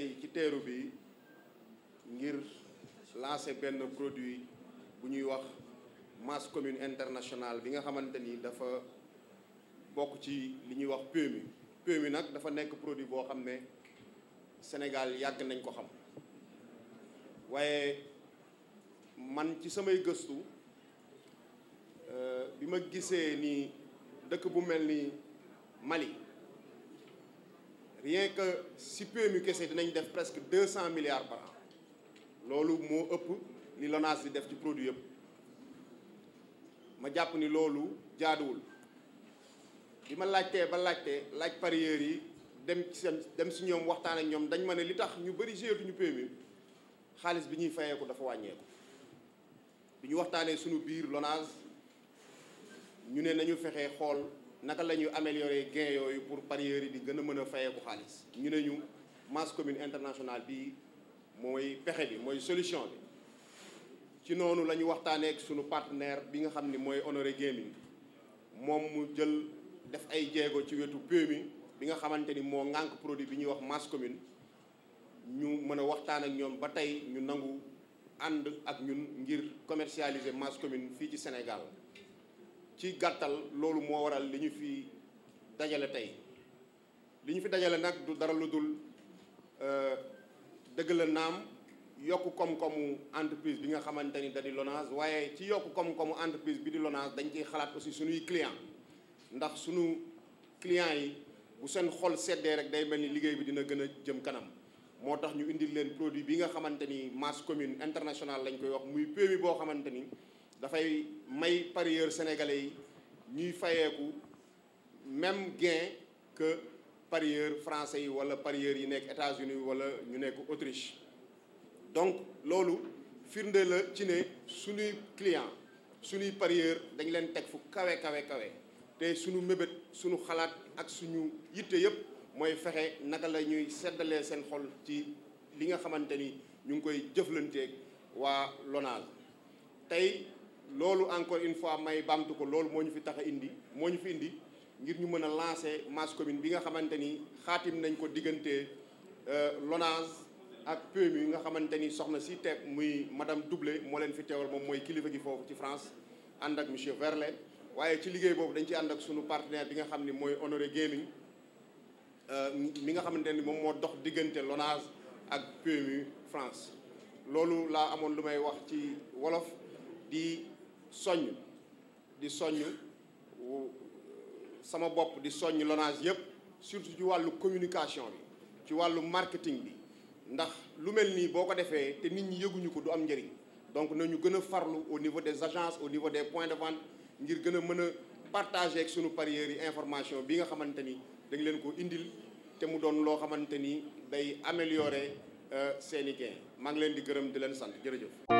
tey ci teeru bi ngir lancer benn produit bu ñuy wax masse commune internationale bi nga xamante ni dafa bokk ci li ñuy wax PMI PMI nag dafa nekk produit boo xam ne Sénégal yàgg nañ ko xam waaye man ci samay gëstu euh, bi ma gisee ni dëkk bu mel ni Mali rien que si PMU kese dinañ def presque deux cent milliards par an loolu moo ëpp ni LONASE di def ci produit yëpp ma jàpp ni loolu jaaduwul bi ma laajtee ba laajtee laaj pariyeur yi dem ci dem si ñoom waxtaan ak ñoom dañ ma ne li tax ñu bari bëri ñu PMU xaalis bi ñuy fayeeku dafa wàññeeku bi ñu waxtaanee suñu biir LONASE ñu ne nañu fexee xool naka la ñuy améliorer gain yooyu pour parieurs yi di gën a mën a fayeeku xaalis ñu ne ñu masse commune internationale bi mooy pexe bi mooy solution bi ci noonu la ñu waxtaanee ak sunu partenaire bi nga xam ni mooy Honoré bi moom mu jël def ay jéego ci wetu PMI bi nga xamante ni moo ŋànk produit bi ñuy wax masse commune ñu mën a waxtaan ak ñoom ba tey ñu nangu ànd ak ñun ngir commercialiser masse commune fii ci Sénégal ci gàttal loolu moo waral li ñu fi dajale tey li ñu fi dajale nag du dara lu dul euh, dëgg la naam yokk koom-koomu entreprise bi nga xamante ni da di Lonase waaye ci yokk koom-koomu entreprise bi di Lonase dañ ciy xalaat aussi suñuy client ndax suñu client yi bu seen xol seddee rek day mel ni liggéey bi dina gën jëm kanam moo tax ñu indi leen produit bi nga xamante ni masse commune international lañ koy wax muy PMI e boo xamante ni dafay may parieurs sénégalais yi ñuy fayeeku même gain que parieurs français yi wala parieurs yi nekk États-Unis wala ñu nekk Autriche donc loolu firnde la ci ne suñuy client suñuy parieurs dañ leen teg fu kawe kawe kawe te suñu mébét suñu xalaat ak suñu yitte yëpp mooy fexe naka la ñuy seddalee seen xol ci li nga xamante ni ñu ngi koy jëflanteeg waa Lonase loolu encore une fois may bamtu ko loolu moo ñu fi tax a indi moo ñu fi indi ngir ñu mën a lancer masse commune bi nga xamante ni xaatim nañ ko diggante euh, LONASE ak PMU nga xamante ni soxna si teg muy madame Doublé moo leen fi teewal moom mooy kilifa gi foofu ci France ànd ak monsieur Verlet waaye ci liggéey boobu dañ ci ànd ak sunu bi nga xam ni mooy Honoré Guéming euh, mi nga xamante ni moom moo dox diggante LONASE ak PMU France loolu laa amoon lu may wax ci wolof soññ di soññ sama bopp di soññ Lonase yëpp surtout ci wàllu communication bi ci wàllu marketing bi ndax lu mel nii boo ko defee te nit ñi yëguñu ko du am njëriñ donc nañu gën a farlu au niveau des agences au niveau des points de vente ngir gën a mën a partager ak sunu parieurs yi information bi nga xamante ni dañ leen ko indil te mu doon loo xamante ni day améliorer euh, seen i gain maa ngi leen di gërëm di leen sant jërëjëf.